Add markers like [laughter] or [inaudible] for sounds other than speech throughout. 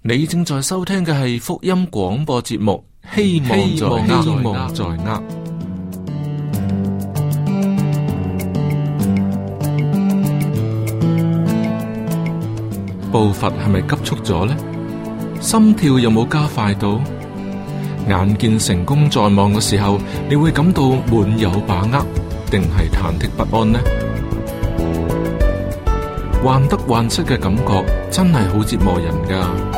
你正在收聽嘅係福音廣播節目，希望希望在握。步伐係咪急促咗呢？心跳有冇加快到？眼見成功在望嘅時候，你會感到滿有把握，定係忐忑不安呢？患得患失嘅感覺真係好折磨人噶。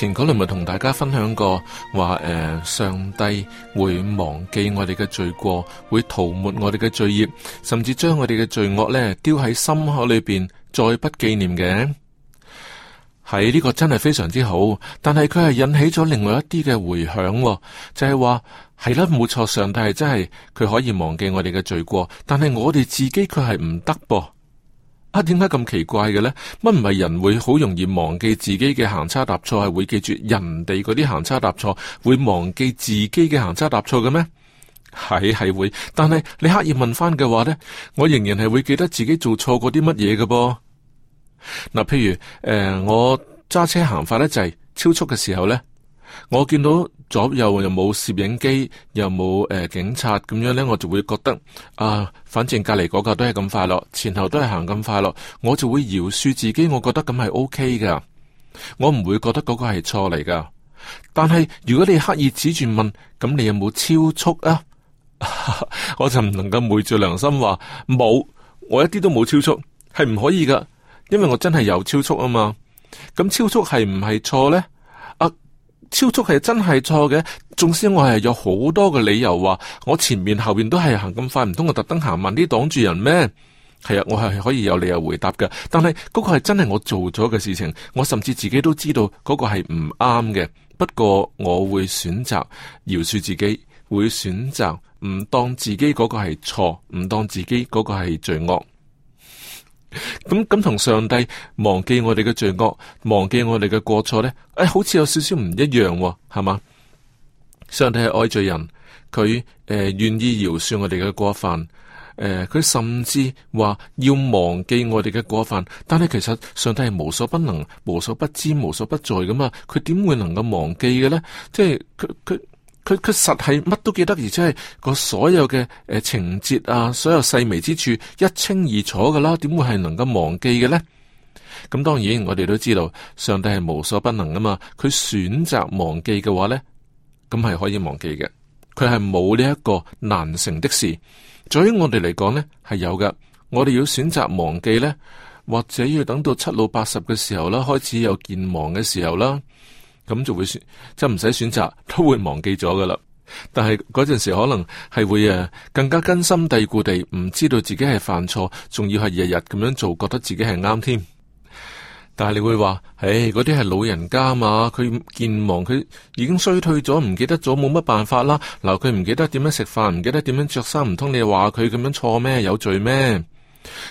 前嗰輪咪同大家分享過，話誒，上帝會忘記我哋嘅罪過，會塗抹我哋嘅罪孽，甚至將我哋嘅罪惡呢丟喺心口裏邊，再不紀念嘅。喺呢個真係非常之好，但係佢係引起咗另外一啲嘅回響，就係話係啦，冇錯，上帝係真係佢可以忘記我哋嘅罪過，但係我哋自己佢係唔得噃。啊，點解咁奇怪嘅咧？乜唔係人會好容易忘記自己嘅行差踏錯，係會記住人哋嗰啲行差踏錯，會忘記自己嘅行差踏錯嘅咩？係係會，但係你刻意問翻嘅話咧，我仍然係會記得自己做錯過啲乜嘢嘅噃。嗱、啊，譬如誒、呃，我揸車行法咧就係超速嘅時候咧，我見到。左右又冇攝影機，又冇誒、呃、警察，咁樣呢，我就會覺得啊，反正隔籬嗰個都係咁快樂，前後都係行咁快樂，我就會饒恕自己，我覺得咁係 OK 噶，我唔會覺得嗰個係錯嚟噶。但係如果你刻意指住問，咁你有冇超速啊？ [laughs] 我就唔能夠昧住良心話冇，我一啲都冇超速，係唔可以噶，因為我真係有超速啊嘛。咁超速係唔係錯呢？超速係真係錯嘅，縱使我係有好多嘅理由話，我前面後邊都係行咁快，唔通我特登行慢啲擋住人咩？係啊，我係可以有理由回答嘅。但係嗰個係真係我做咗嘅事情，我甚至自己都知道嗰個係唔啱嘅。不過我會選擇饒恕自己，會選擇唔當自己嗰個係錯，唔當自己嗰個係罪惡。咁咁同上帝忘記我哋嘅罪惡，忘記我哋嘅過錯咧，誒、哎，好似有少少唔一樣，哦，係嘛？上帝係愛罪人，佢誒願意饒恕我哋嘅過犯，誒、呃，佢甚至話要忘記我哋嘅過犯，但係其實上帝係無所不能、無所不知、無所不在咁嘛。佢點會能夠忘記嘅咧？即係佢佢。佢佢實係乜都記得，而且係個所有嘅，誒、呃、情節啊，所有細微之處一清二楚噶啦，點會係能夠忘記嘅呢？咁當然，我哋都知道上帝係無所不能噶嘛。佢選擇忘記嘅話呢，咁係可以忘記嘅。佢係冇呢一個難成的事。在於我哋嚟講呢，係有嘅。我哋要選擇忘記呢，或者要等到七老八十嘅時候啦，開始有健忘嘅時候啦。咁就會選，就唔使選擇，都會忘記咗噶啦。但係嗰陣時可能係會誒更加根深蒂固地唔知道自己係犯錯，仲要係日日咁樣做，覺得自己係啱添。但係你會話唉，嗰啲係老人家嘛，佢健忘，佢已經衰退咗，唔記得咗，冇乜辦法啦。嗱，佢唔記得點樣食飯，唔記得點樣着衫，唔通你話佢咁樣錯咩？有罪咩？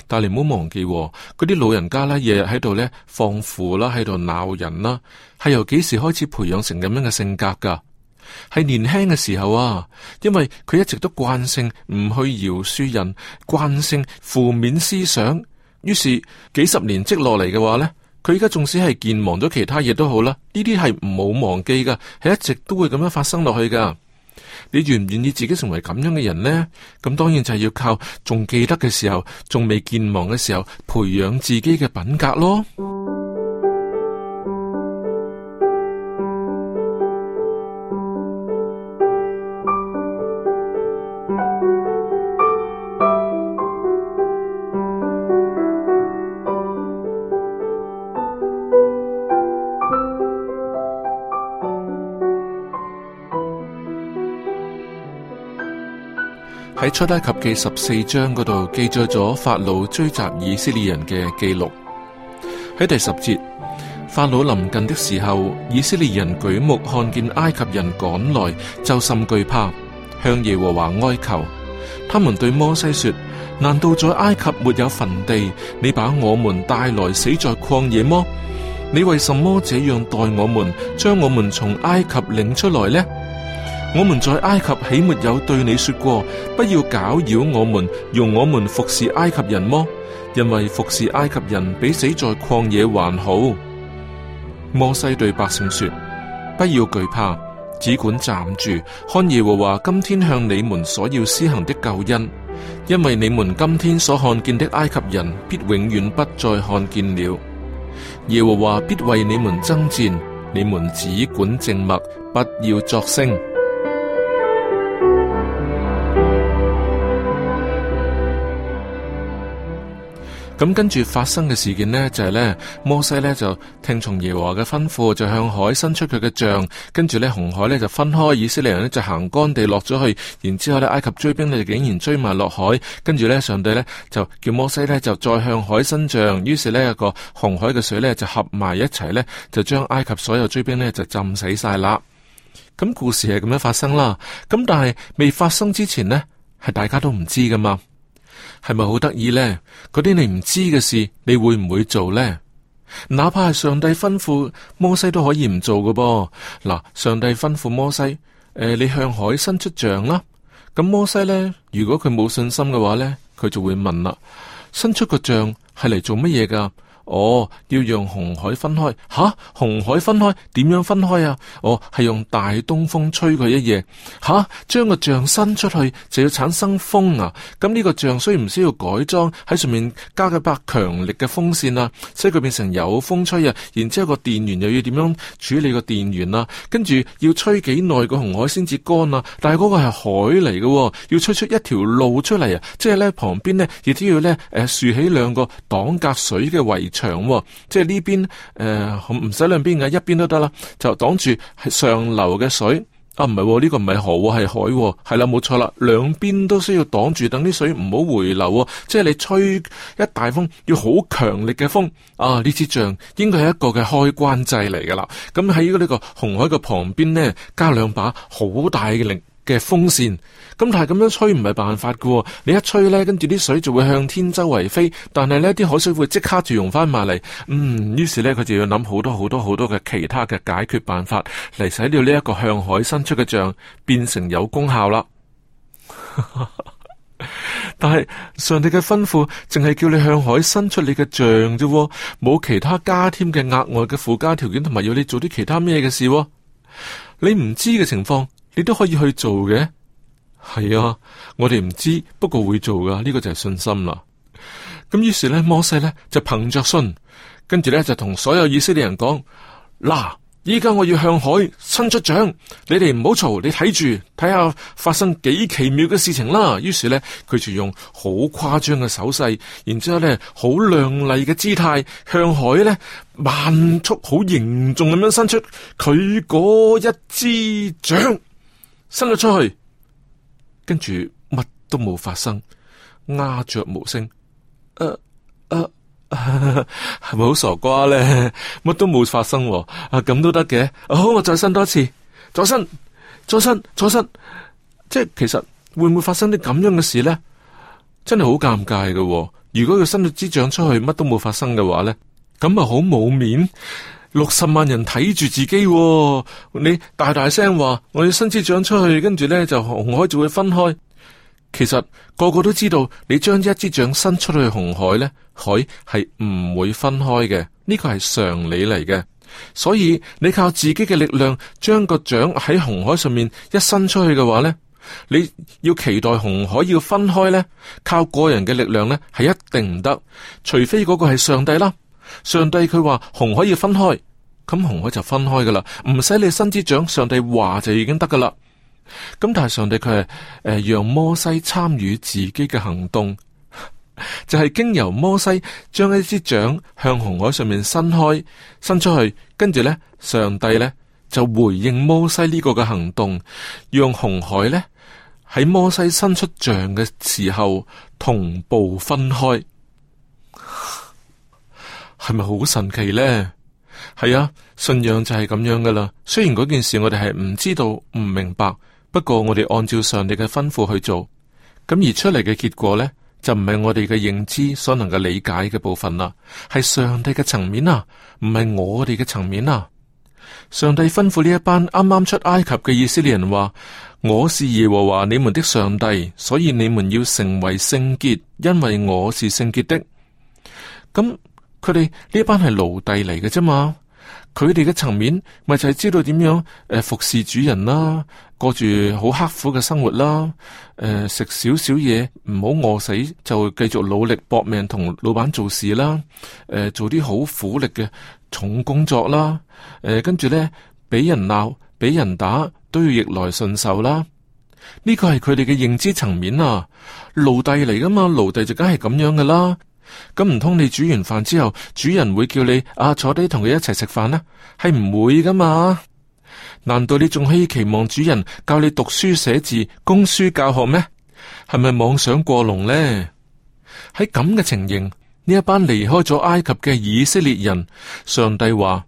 但係你唔好忘記，哦，嗰啲老人家咧，日日喺度咧放負啦，喺度鬧人啦，係由幾時開始培養成咁樣嘅性格噶？係年輕嘅時候啊，因為佢一直都慣性唔去饒恕人，慣性負面思想，於是幾十年積落嚟嘅話咧，佢而家縱使係健忘咗其他嘢都好啦，呢啲係唔好忘記噶，係一直都會咁樣發生落去噶。你願唔願意自己成為咁樣嘅人呢？咁當然就係要靠仲記得嘅時候，仲未健忘嘅時候，培養自己嘅品格咯。喺出埃及記十四章嗰度記載咗法老追襲以色列人嘅記錄。喺第十節，法老臨近的時候，以色列人舉目看見埃及人趕來，就甚懼怕，向耶和華哀求。他們對摩西說：難道在埃及沒有墳地？你把我們帶來死在曠野麼？你為什麼這樣待我們？將我們從埃及領出來呢？我們在埃及豈沒有對你說過，不要攪擾我們，容我們服侍埃及人麼？因為服侍埃及人比死在曠野還好。摩西對百姓說：不要懼怕，只管站住，看耶和華今天向你們所要施行的救恩，因為你們今天所看見的埃及人必永遠不再看見了。耶和華必為你們爭戰，你們只管靜默，不要作聲。咁跟住發生嘅事件呢，就係、是、呢摩西呢，就聽從耶和華嘅吩咐，就向海伸出佢嘅杖，跟住呢，紅海呢，就分開，以色列人呢，就行乾地落咗去，然之後呢，埃及追兵呢，就竟然追埋落海，跟住呢，上帝呢，就叫摩西呢，就再向海伸杖，於是呢個紅海嘅水呢，就合埋一齊呢，就將埃及所有追兵呢，就浸死晒啦。咁、嗯、故事係咁樣發生啦，咁、嗯、但係未發生之前呢，係大家都唔知噶嘛。係咪好得意呢？嗰啲你唔知嘅事，你會唔會做呢？哪怕係上帝吩咐摩西都可以唔做嘅噃。嗱，上帝吩咐摩西，誒、呃，你向海伸出杖啦。咁摩西呢，如果佢冇信心嘅話呢，佢就會問啦：伸出個杖係嚟做乜嘢噶？哦，要讓紅海分開，吓，紅海分開點樣分開啊？哦，係用大東風吹佢一夜，吓，將個像伸出去就要產生風啊！咁呢個像需唔需要改裝？喺上面加個把強力嘅風扇啊，所以佢變成有風吹啊。然之後個電源又要點樣處理個電源啊，跟住要吹幾耐個紅海先至乾啊？但係個係海嚟嘅，哦，要吹出一條路出嚟啊！即係咧旁邊咧，亦都要咧誒豎起兩個擋隔水嘅圍。牆，即係呢邊，誒唔使兩邊嘅，一邊都得啦，就擋住上流嘅水啊。唔係呢個唔係河，係、哦、海係啦，冇錯啦，兩邊都需要擋住等啲水唔好回流、哦，即係你吹一大風要好強力嘅風啊，呢支杖應該係一個嘅開關掣嚟噶啦，咁喺呢個紅海嘅旁邊呢，加兩把好大嘅力。嘅風扇咁，但係咁樣吹唔係辦法㗎喎。你一吹呢，跟住啲水就會向天周圍飛。但係呢啲海水會即刻就溶翻埋嚟。嗯，於是呢，佢就要諗好多好多好多嘅其他嘅解決辦法嚟使到呢一個向海伸出嘅杖變成有功效啦。 [laughs] 但係上帝嘅吩咐淨係叫你向海伸出你嘅杖啫，冇其他加添嘅額外嘅附加條件，同埋要你做啲其他咩嘅事喎。你唔知嘅情況。你都可以去做嘅，係啊！我哋唔知，不過會做噶。呢個就係信心啦。咁於是呢，摩西呢就憑着信，跟住呢就同所有以色列人講：嗱，依家我要向海伸出掌，你哋唔好嘈，你睇住，睇下發生幾奇妙嘅事情啦。於是呢，佢就用好誇張嘅手勢，然之後呢好亮麗嘅姿態，向海呢慢速、好凝重咁樣伸出佢嗰一支掌。伸咗出去，跟住乜都冇發生，鴉雀無聲。誒係咪好傻瓜咧？乜都冇發生啊，啊咁都得嘅。好，我再伸多一次，再伸，再伸，再伸，伸，伸。即係其實會唔會發生啲咁樣嘅事咧？真係好尷尬嘅、啊。如果佢伸咗支掌出去，乜都冇發生嘅話咧，咁啊好冇面。六十萬人睇住自己、哦，你大大聲話我要伸支掌出去，跟住呢就紅海就會分開。其實個個都知道，你將一支掌伸出去紅海呢，海係唔會分開嘅。呢個係常理嚟嘅，所以你靠自己嘅力量將個掌喺紅海上面一伸出去嘅話呢，你要期待紅海要分開呢，靠個人嘅力量呢，係一定唔得，除非嗰個係上帝啦。上帝佢話紅海要分開，咁紅海就分開噶啦，唔使你伸支掌，上帝話就已經得噶啦。咁但係上帝佢係誒讓摩西參與自己嘅行動，就係、是、經由摩西將一支掌向紅海上面伸開，伸出去，跟住咧上帝咧就回應摩西呢個嘅行動，讓紅海咧喺摩西伸出掌嘅時候同步分開。係咪好神奇呢？係啊，信仰就係咁樣噶啦。雖然嗰件事我哋係唔知道，唔明白，不過我哋按照上帝嘅吩咐去做，咁而出嚟嘅結果呢，就唔係我哋嘅認知所能夠理解嘅部分啦，係上帝嘅層面啊，唔係我哋嘅層面啊。上帝吩咐呢一班啱啱出埃及嘅以色列人話：「我是耶和華你們的上帝，所以你們要成為聖潔，因為我是聖潔的。」咁。佢哋呢班係奴隸嚟嘅啫嘛，佢哋嘅層面咪就係、是、知道點樣誒、呃、服侍主人啦，過住好刻苦嘅生活啦，誒食少少嘢唔好餓死就繼續努力搏命同老闆做事啦，誒、呃、做啲好苦力嘅重工作啦，誒跟住咧俾人鬧俾人打都要逆來順受啦，呢個係佢哋嘅認知層面啊，奴隸嚟噶嘛，奴隸就梗係咁樣噶啦。咁唔通你煮完飯之後，主人會叫你啊坐低同佢一齊食飯啦？係唔會噶嘛？難道你仲可以期望主人教你讀書寫字、供書教學咩？係咪妄想過龍呢？喺咁嘅情形，呢一班離開咗埃及嘅以色列人，上帝話：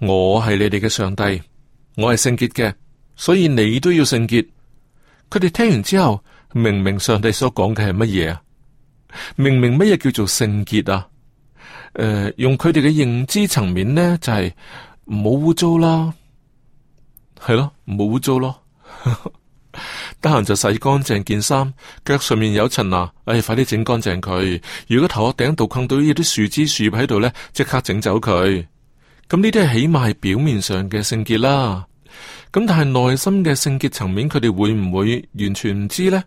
我係你哋嘅上帝，我係聖潔嘅，所以你都要聖潔。佢哋聽完之後，明唔明上帝所講嘅係乜嘢啊？明明乜嘢叫做聖潔啊？誒、呃，用佢哋嘅認知層面咧，就係唔好污糟啦，係咯，唔好污糟咯。得閒就洗乾淨件衫，腳上面有塵啊，哎，快啲整乾淨佢。如果頭殼頂度困到呢啲樹枝樹葉喺度咧，即刻整走佢。咁呢啲係起碼係表面上嘅聖潔啦。咁、嗯、但係內心嘅聖潔層面，佢哋會唔會完全唔知咧？誒、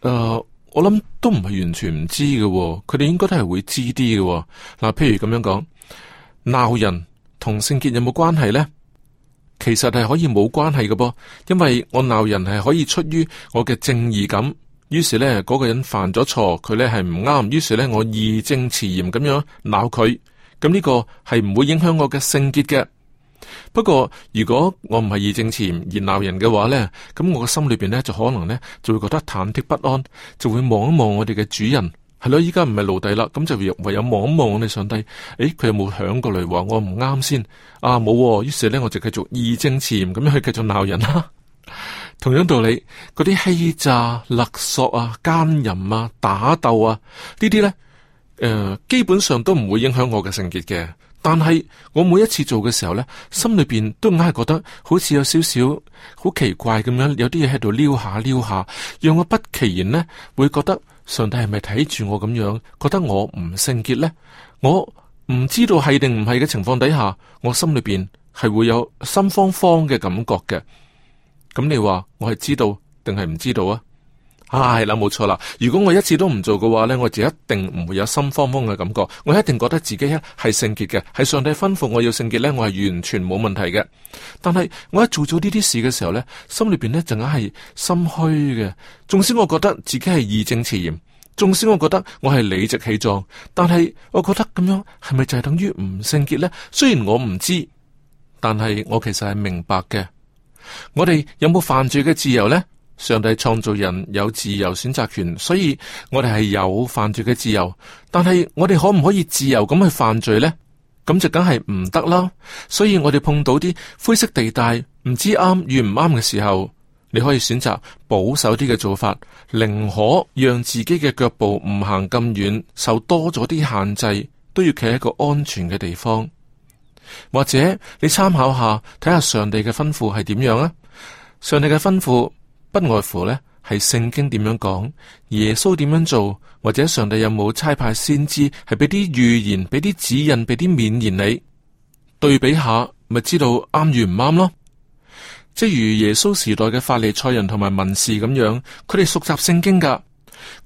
呃。我諗都唔係完全唔知㗎喎，佢哋應該都係會知啲㗎喎。嗱，譬如咁樣講，鬧人同聖潔有冇關係呢？其實係可以冇關係嘅噃，因為我鬧人係可以出於我嘅正義感，於是呢，嗰個人犯咗錯，佢呢係唔啱，於是呢，我義正詞嚴咁樣鬧佢，咁呢個係唔會影響我嘅聖潔嘅。不過，如果我唔係義正詞嚴而鬧人嘅話咧，咁我嘅心裏邊咧就可能咧就會覺得忐忑不安，就會望一望我哋嘅主人，係咯，依家唔係奴弟啦，咁就唯有望一望我哋上帝，誒、哎，佢有冇響過嚟話我唔啱先？啊，冇、哦，於是咧我就繼續義正詞嚴咁樣去繼續鬧人啦。同樣道理，嗰啲欺詐、勒索啊、奸淫啊、打鬥啊，呢啲咧，誒、呃，基本上都唔會影響我嘅性潔嘅。但係我每一次做嘅時候呢，心裏邊都硬係覺得好似有少少好奇怪咁樣，有啲嘢喺度撩下撩下，讓我不其然呢會覺得上帝係咪睇住我咁樣，覺得我唔聖潔呢？我唔知道係定唔係嘅情況底下，我心裏邊係會有心慌慌嘅感覺嘅。咁你話我係知道定係唔知道啊？係啦，冇錯、啊、啦。如果我一次都唔做嘅話呢，我就一定唔會有心慌慌嘅感覺。我一定覺得自己咧係聖潔嘅，係上帝吩咐我要聖潔呢，我係完全冇問題嘅。但係我一做咗呢啲事嘅時候呢，心裏邊呢就硬係心虛嘅。縱使我覺得自己係義正詞嚴，縱使我覺得我係理直氣壯，但係我覺得咁樣係咪就係等於唔聖潔呢？雖然我唔知，但係我其實係明白嘅。我哋有冇犯罪嘅自由呢？上帝創造人有自由選擇權，所以我哋係有犯罪嘅自由。但係我哋可唔可以自由咁去犯罪呢？咁就梗係唔得啦。所以我哋碰到啲灰色地帶，唔知啱與唔啱嘅時候，你可以選擇保守啲嘅做法，寧可讓自己嘅腳步唔行咁遠，受多咗啲限制，都要企喺個安全嘅地方。或者你參考下，睇下上帝嘅吩咐係點樣啊？上帝嘅吩咐。不外乎呢，係聖經點樣講，耶穌點樣做，或者上帝有冇差派先知，係俾啲預言，俾啲指引，俾啲勉言，你對比下，咪知道啱與唔啱咯。即如耶穌時代嘅法利賽人同埋文士咁樣，佢哋熟習聖經噶，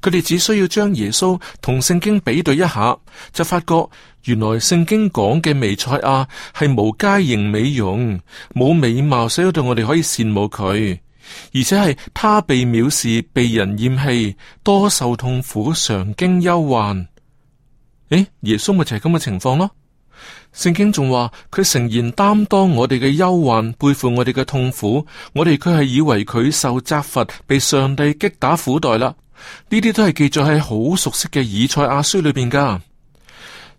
佢哋只需要將耶穌同聖經比對一下，就發覺原來聖經講嘅彌賽亞係無佳形美容，冇美貌，使到對我哋可以羨慕佢。而且係他被藐視、被人厭棄、多受痛苦、常經憂患。誒，耶穌咪就係咁嘅情況咯。聖經仲話佢誠然擔當我哋嘅憂患，背負我哋嘅痛苦。我哋卻係以為佢受責罰，被上帝擊打苦待啦。呢啲都係記載喺好熟悉嘅以賽亞書裏邊噶。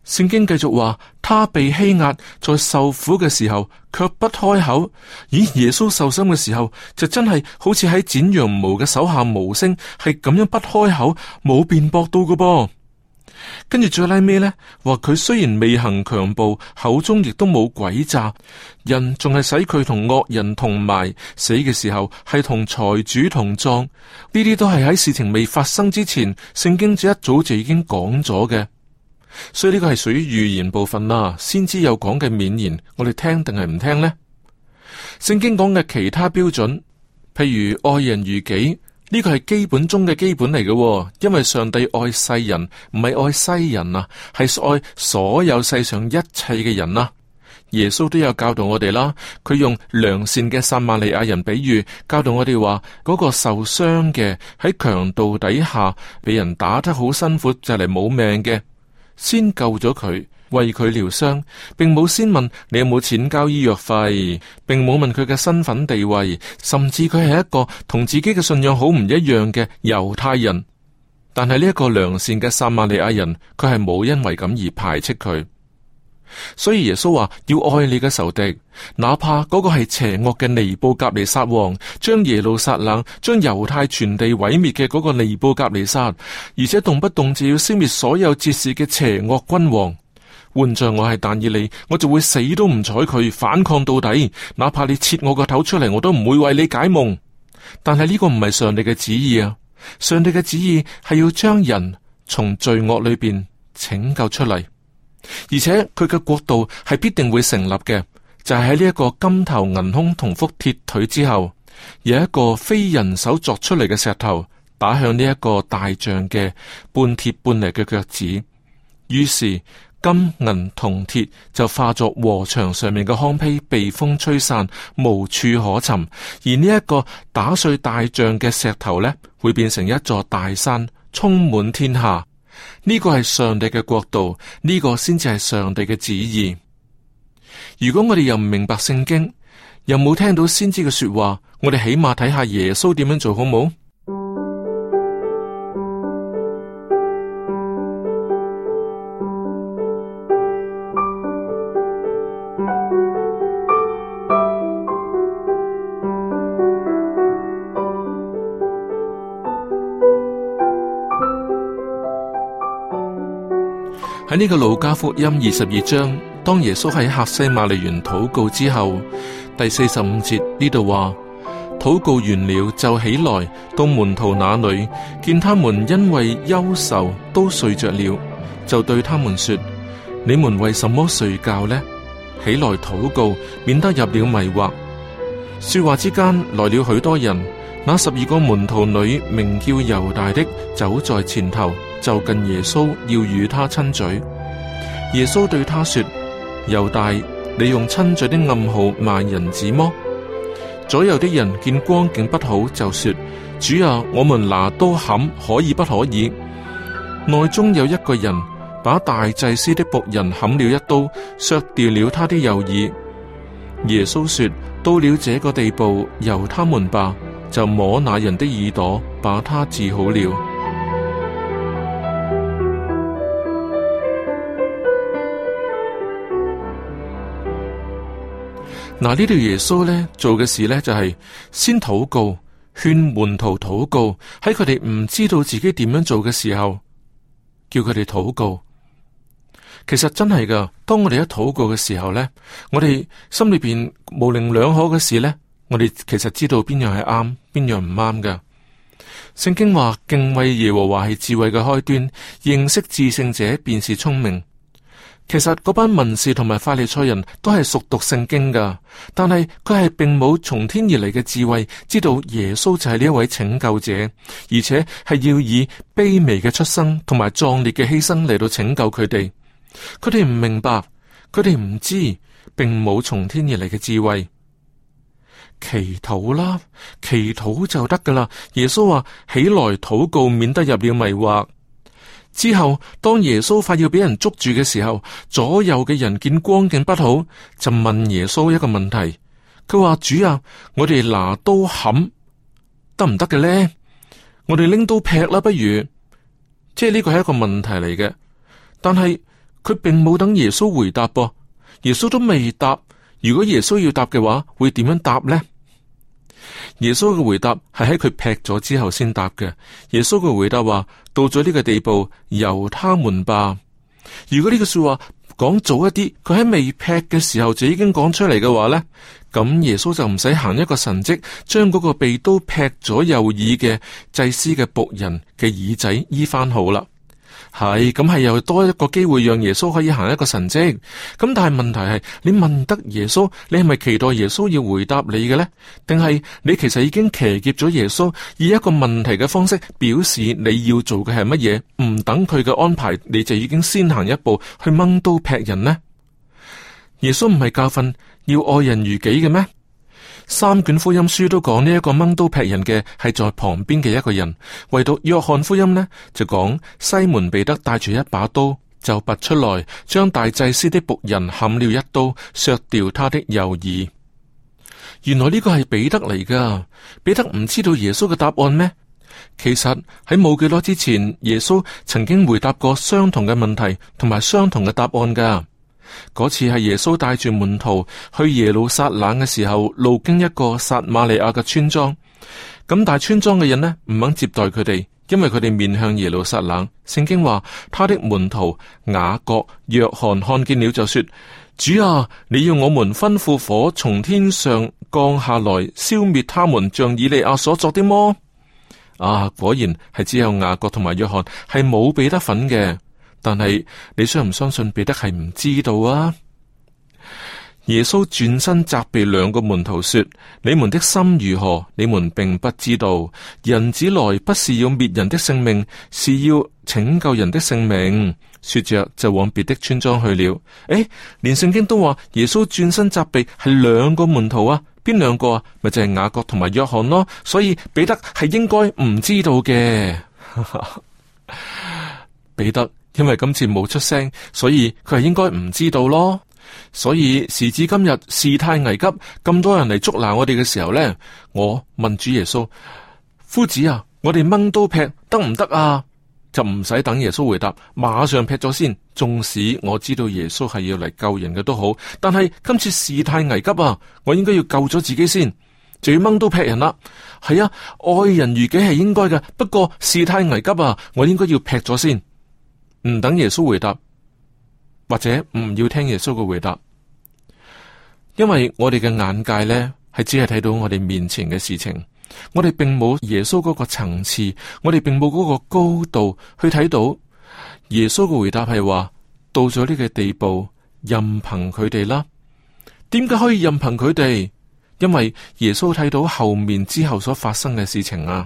聖經繼續話，他被欺壓，在受苦嘅時候卻不開口。咦，耶穌受審嘅時候就真係好似喺剪羊毛嘅手下無聲，係咁樣不開口，冇辯駁到嘅噃。跟住最拉咩呢？話佢雖然未行強暴，口中亦都冇詭詐，人仲係使佢同惡人同埋死嘅時候係同財主同葬。呢啲都係喺事情未發生之前，聖經這一早就已經講咗嘅。所以呢個係屬於預言部分啦、啊，先知有講嘅免言，我哋聽定係唔聽呢？聖經講嘅其他標準，譬如愛人如己，呢個係基本中嘅基本嚟嘅、啊，因為上帝愛世人，唔係愛西人啊，係愛所有世上一切嘅人啦、啊。耶穌都有教導我哋啦，佢用良善嘅撒瑪利亞人比喻教導我哋話，嗰、那個受傷嘅喺強盜底下，俾人打得好辛苦，就嚟冇命嘅。先救咗佢，為佢療傷，並冇先問你有冇錢交醫藥費，並冇問佢嘅身份地位，甚至佢係一個同自己嘅信仰好唔一樣嘅猶太人，但係呢一個良善嘅撒瑪利亞人，佢係冇因為咁而排斥佢。所以耶穌話要愛你嘅仇敵，哪怕嗰個係邪惡嘅尼布格尼撒王，將耶路撒冷、將猶太全地毀滅嘅嗰個尼布甲尼撒，而且動不動就要消滅所有哲士嘅邪惡君王。換着我係但以理，我就會死都唔睬佢，反抗到底，哪怕你切我個頭出嚟，我都唔會為你解夢。但係呢個唔係上帝嘅旨意啊！上帝嘅旨意係要將人從罪惡裏邊拯救出嚟。而且佢嘅國度係必定會成立嘅，就係喺呢一個金頭銀胸銅腹鐵腿之後，有一個非人手鑿出嚟嘅石頭打向呢一個大象嘅半鐵半泥嘅腳趾，於是金銀銅鐵就化作禾場上面嘅糠秕被風吹散，無處可尋；而呢一個打碎大象嘅石頭呢，會變成一座大山，充滿天下。呢個係上帝嘅國度，呢個先至係上帝嘅旨意。如果我哋又唔明白聖經，又冇聽到先知嘅說話，我哋起碼睇下耶穌點樣做好冇？呢、這個《路加福音》二十二章，當耶穌喺客西瑪利園禱告之後，第四十五節呢度話：禱告完了就起來，到門徒那裏，見他們因為憂愁都睡着了，就對他們說：你們為什麼睡覺呢？起來禱告，免得入了迷惑。說話之間，來了許多人，那十二個門徒裏名叫猶大的走在前頭。就近耶穌要與他親嘴，耶穌對他說：猶大，你用親嘴的暗號賣人子麼？左右的人見光景不好，就說：主啊，我們拿刀砍可以不可以？內中有一個人把大祭司的僕人砍了一刀，削掉了他的右耳。耶穌說：到了這個地步，由他們吧，就摸那人的耳朵，把他治好了。嗱，呢度耶穌咧做嘅事呢，就係先禱告，勸門徒禱告，喺佢哋唔知道自己點樣做嘅時候，叫佢哋禱告。其實真係噶，當我哋一禱告嘅時候呢，我哋心裏邊模稜兩可嘅事呢，我哋其實知道邊樣係啱，邊樣唔啱噶。聖經話敬畏耶和華係智慧嘅開端，認識至聖者便是聰明。其實嗰班文士同埋法利賽人都係熟讀聖經噶但係佢係並冇從天而嚟嘅智慧，知道耶穌就係呢一位拯救者，而且係要以卑微嘅出生同埋壯烈嘅犧牲嚟到拯救佢哋。佢哋唔明白，佢哋唔知，並冇從天而嚟嘅智慧。祈禱啦，祈禱就得噶啦。耶穌話：起來禱告，免得入了迷惑。之後，當耶穌快要俾人捉住嘅時候，左右嘅人見光景不好，就問耶穌一個問題。佢話：主啊，我哋拿刀砍得唔得嘅呢？我哋拎刀劈啦，不如。即係呢個係一個問題嚟嘅，但係佢並冇等耶穌回答噃。耶穌都未答。如果耶穌要答嘅話，會點樣答呢？耶穌嘅回答係喺佢劈咗之後先答嘅。耶穌嘅回答話：到咗呢個地步，由他們吧。如果呢個說話講早一啲，佢喺未劈嘅時候就已經講出嚟嘅話呢，咁耶穌就唔使行一個神迹，將嗰個被刀劈咗右耳嘅祭司嘅僕人嘅耳仔醫翻好啦。係咁，係又多一個機會讓耶穌可以行一個神跡。咁但係問題係，你問得耶穌，你係咪期待耶穌要回答你嘅呢？定係你其實已經騎劫咗耶穌，以一個問題嘅方式表示你要做嘅係乜嘢？唔等佢嘅安排，你就已經先行一步去掹刀劈人呢？耶穌唔係教訓要愛人如己嘅咩？三卷福音書都講呢一個掹刀劈人嘅，係在旁邊嘅一個人，唯獨約翰福音呢就講西門彼得帶住一把刀就拔出來，將大祭司的僕人砍了一刀，削掉他的右耳。原來呢個係彼得嚟噶，彼得唔知道耶穌嘅答案咩？其實喺冇幾耐之前，耶穌曾經回答過相同嘅問題同埋相同嘅答案噶。嗰次係耶穌帶住門徒去耶路撒冷嘅時候，路經一個撒瑪利亞嘅村莊，咁但係村莊嘅人呢唔肯接待佢哋，因為佢哋面向耶路撒冷。聖經話，他的門徒雅各、約翰看見了，就說：主啊，你要我們吩咐火從天上降下來，消滅他們，像以利亞所作的麼？啊，果然係只有雅各同埋約翰，係冇彼得份嘅。但係你相唔相信彼得係唔知道啊？耶穌轉身責備兩個門徒說：你們的心如何，你們並不知道。人子來不是要滅人的性命，是要拯救人的性命。說着就往別的村莊去了。誒，連聖經都話耶穌轉身責備係兩個門徒啊？邊兩個啊？咪就係、是、雅各同埋約翰咯。所以彼得係應該唔知道嘅。 [laughs] 彼得。因為今次冇出聲，所以佢係應該唔知道咯。所以時至今日，事態危急，咁多人嚟捉拿我哋嘅時候呢，我問主耶穌：夫子啊，我哋掹刀劈得唔得啊？就唔使等耶穌回答，馬上劈咗先。縱使我知道耶穌係要嚟救人嘅都好，但係今次事態危急啊，我應該要救咗自己先，就要掹刀劈人啦。係啊，愛人如己係應該嘅，不過事態危急啊，我應該要劈咗先。唔等耶穌回答，或者唔要聽耶穌嘅回答，因為我哋嘅眼界呢，係只係睇到我哋面前嘅事情，我哋並冇耶穌嗰個層次，我哋並冇嗰個高度去睇到耶穌嘅回答係話到咗呢個地步，任憑佢哋啦。點解可以任憑佢哋？因為耶穌睇到後面之後所發生嘅事情啊。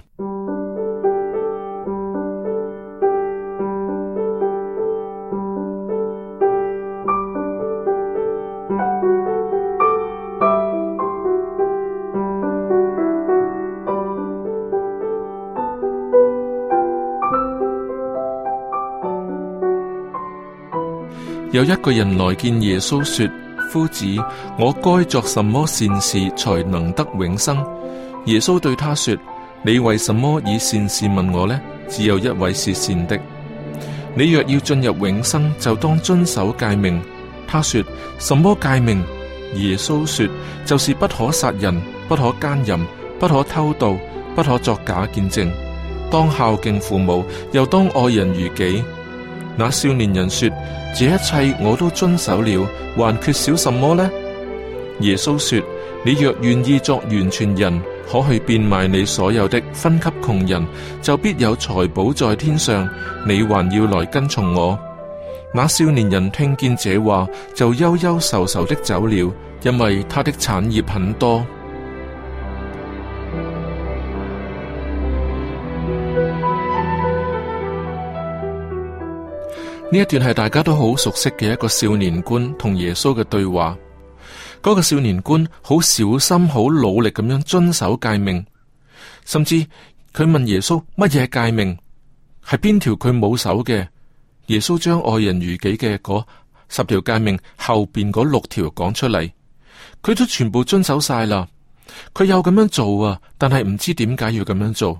有一個人來見耶穌，說：夫子，我該作什麼善事才能得永生？耶穌對他說：你為什麼以善事問我呢？只有一位是善的。你若要進入永生，就當遵守誡命。他說：什麼誡命？耶穌說：就是不可殺人，不可奸淫，不可偷盜，不可作假見證，當孝敬父母，又當愛人如己。那少年人說：這一切我都遵守了，還缺少什麼呢？耶穌說：你若願意作完全人，可去變賣你所有的，分給窮人，就必有財寶在天上。你還要來跟從我。那少年人聽見這話，就憂憂愁愁，愁愁的走了，因為他的產業很多。呢一段係大家都好熟悉嘅一個少年官同耶穌嘅對話。嗰個少年官好小心、好努力咁樣遵守誡命，甚至佢問耶穌乜嘢誡命，係邊條佢冇守嘅？耶穌將愛人如己嘅嗰十條誡命後邊嗰六條講出嚟，佢都全部遵守晒啦。佢有咁樣做啊，但係唔知點解要咁樣做。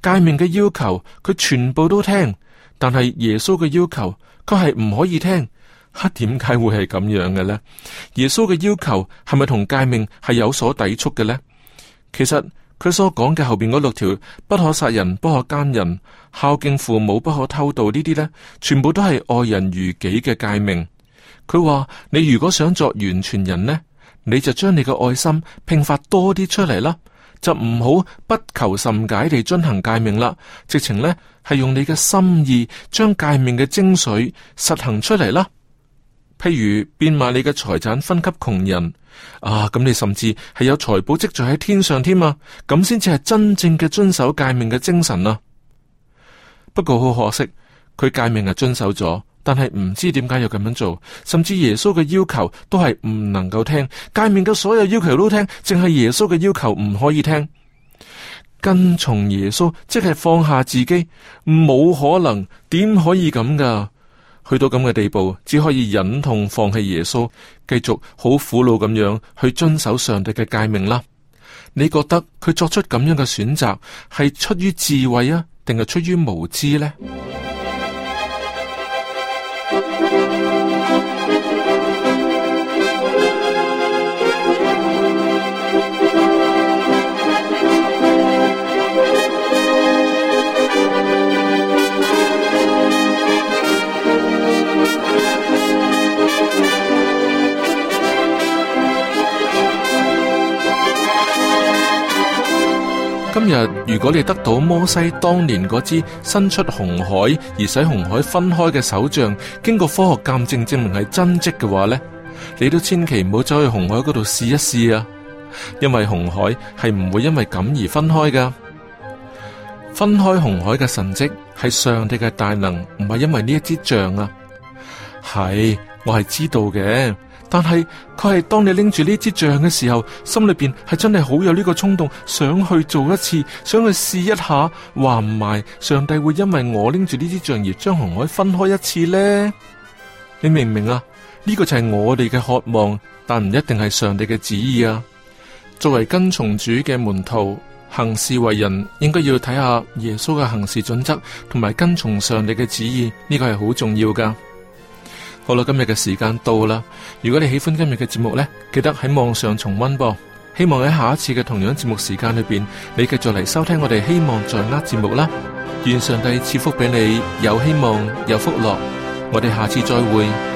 誡命嘅要求，佢全部都聽。但係耶穌嘅要求，佢係唔可以聽。黑，點解會係咁樣嘅呢？耶穌嘅要求係咪同誡命係有所抵觸嘅呢？其實佢所講嘅後邊嗰六條不可殺人、不可奸人，孝敬父母、不可偷盜呢啲呢，全部都係愛人如己嘅誡命。佢話你如果想作完全人呢，你就將你嘅愛心拼發多啲出嚟啦。就唔好不求甚解地遵行誡命啦，直情呢，係用你嘅心意將誡命嘅精髓實行出嚟啦。譬如變賣你嘅財產分給窮人啊，咁你甚至係有財寶積聚喺天上添啊，咁先至係真正嘅遵守誡命嘅精神啊。不過好可惜，佢誡命係遵守咗。但係唔知點解要咁樣做，甚至耶穌嘅要求都係唔能夠聽，誡命嘅所有要求都聽，淨係耶穌嘅要求唔可以聽。跟從耶穌即係放下自己，冇可能，點可以咁噶？去到咁嘅地步，只可以忍痛放棄耶穌，繼續好苦惱咁樣去遵守上帝嘅誡命啦。你覺得佢作出咁樣嘅選擇係出於智慧啊，定係出於無知呢？今日如果你得到摩西當年嗰支伸出紅海而使紅海分開嘅手杖，經過科學鑑證證明係真迹嘅話呢，你都千祈唔好走去紅海嗰度試一試啊！因為紅海係唔會因為咁而分開噶，分開紅海嘅神迹係上帝嘅大能，唔係因為呢一支杖啊！係我係知道嘅。但係佢係當你拎住呢支杖嘅時候，心裏邊係真係好有呢個衝動，想去做一次，想去試一下，話唔埋上帝會因為我拎住呢支杖而將紅海分開一次呢？你明唔明啊？呢個就係我哋嘅渴望，但唔一定係上帝嘅旨意啊。作為跟從主嘅門徒，行事為人應該要睇下耶穌嘅行事準則，同埋跟從上帝嘅旨意，呢個係好重要噶。好啦，今日嘅時間到啦。如果你喜歡今日嘅節目呢，記得喺網上重溫噃。希望喺下一次嘅同樣節目時間裏邊，你繼續嚟收聽我哋希望在握節目啦。願上帝賜福俾你，有希望，有福樂。我哋下次再會。